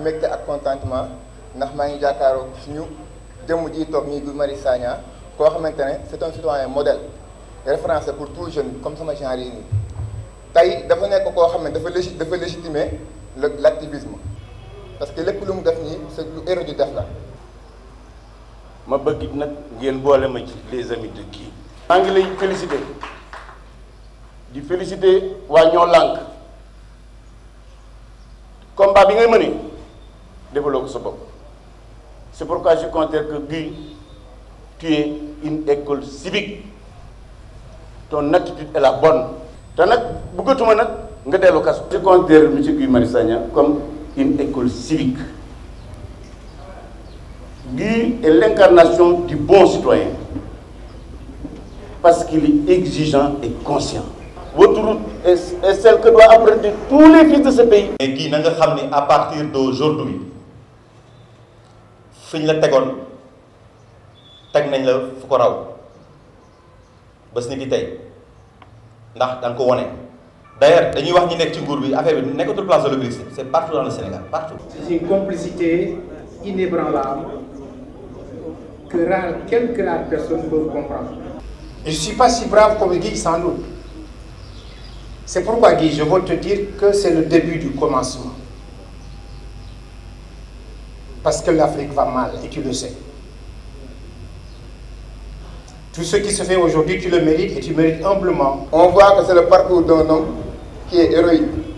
mbégte ak contentement ndax maa ngi jàkkaaroo suñu jëmm ji toog nii Guy Marius Sagna koo xamante ne c'est un citoyen modèle référence pour tout jeune comme sama genre yi nii tey dafa nekk koo xam ne dafa légi dafa légitimer l'activisme parce que lépp lu mu def nii c'est lu érodi def la ma bëgg nag ngeen boole ma ci les amis de kii maa ngi lay féliciter di féliciter waa ñoo lànk combat bi ngay mëne defaloo sa bopp c'est pourquoi je considère que Guy tu es une école civique ton attitude est la bonne te nag bugatuma nag nga dellu kaso je considère monsieur Guy Marius Sagna comme une école civique Guy est l'incarnation du bon citoyen parce qu'il est exigeant et conscient votre route est, celle que doit emprunter tous les fils de ce pays et Guy na nga xam ni à partir d'aujourd'hui fiñ la tegoon teg nañ la fu ko raw bés ni ki tey ndax da nga ko wone d'ailleurs dañuy wax ñu nekk ci nguur bi affaire bi nekkatul place de l'Obélisque c'est partout dans le Sénégal partout. c'est une complicité inébranlable que rares, quelques rares personnes peuvent comprendre. je suis pas si brave comme Guy sans doute c'est pourquoi Guy je veux te dire que c'est le début du commencement. parce que l'Afrique va mal et tu le sais. Tout ce qui se fait aujourd'hui, tu le mérites et tu mérites amplement. On voit que c'est le parcours d'un homme qui est héroïque.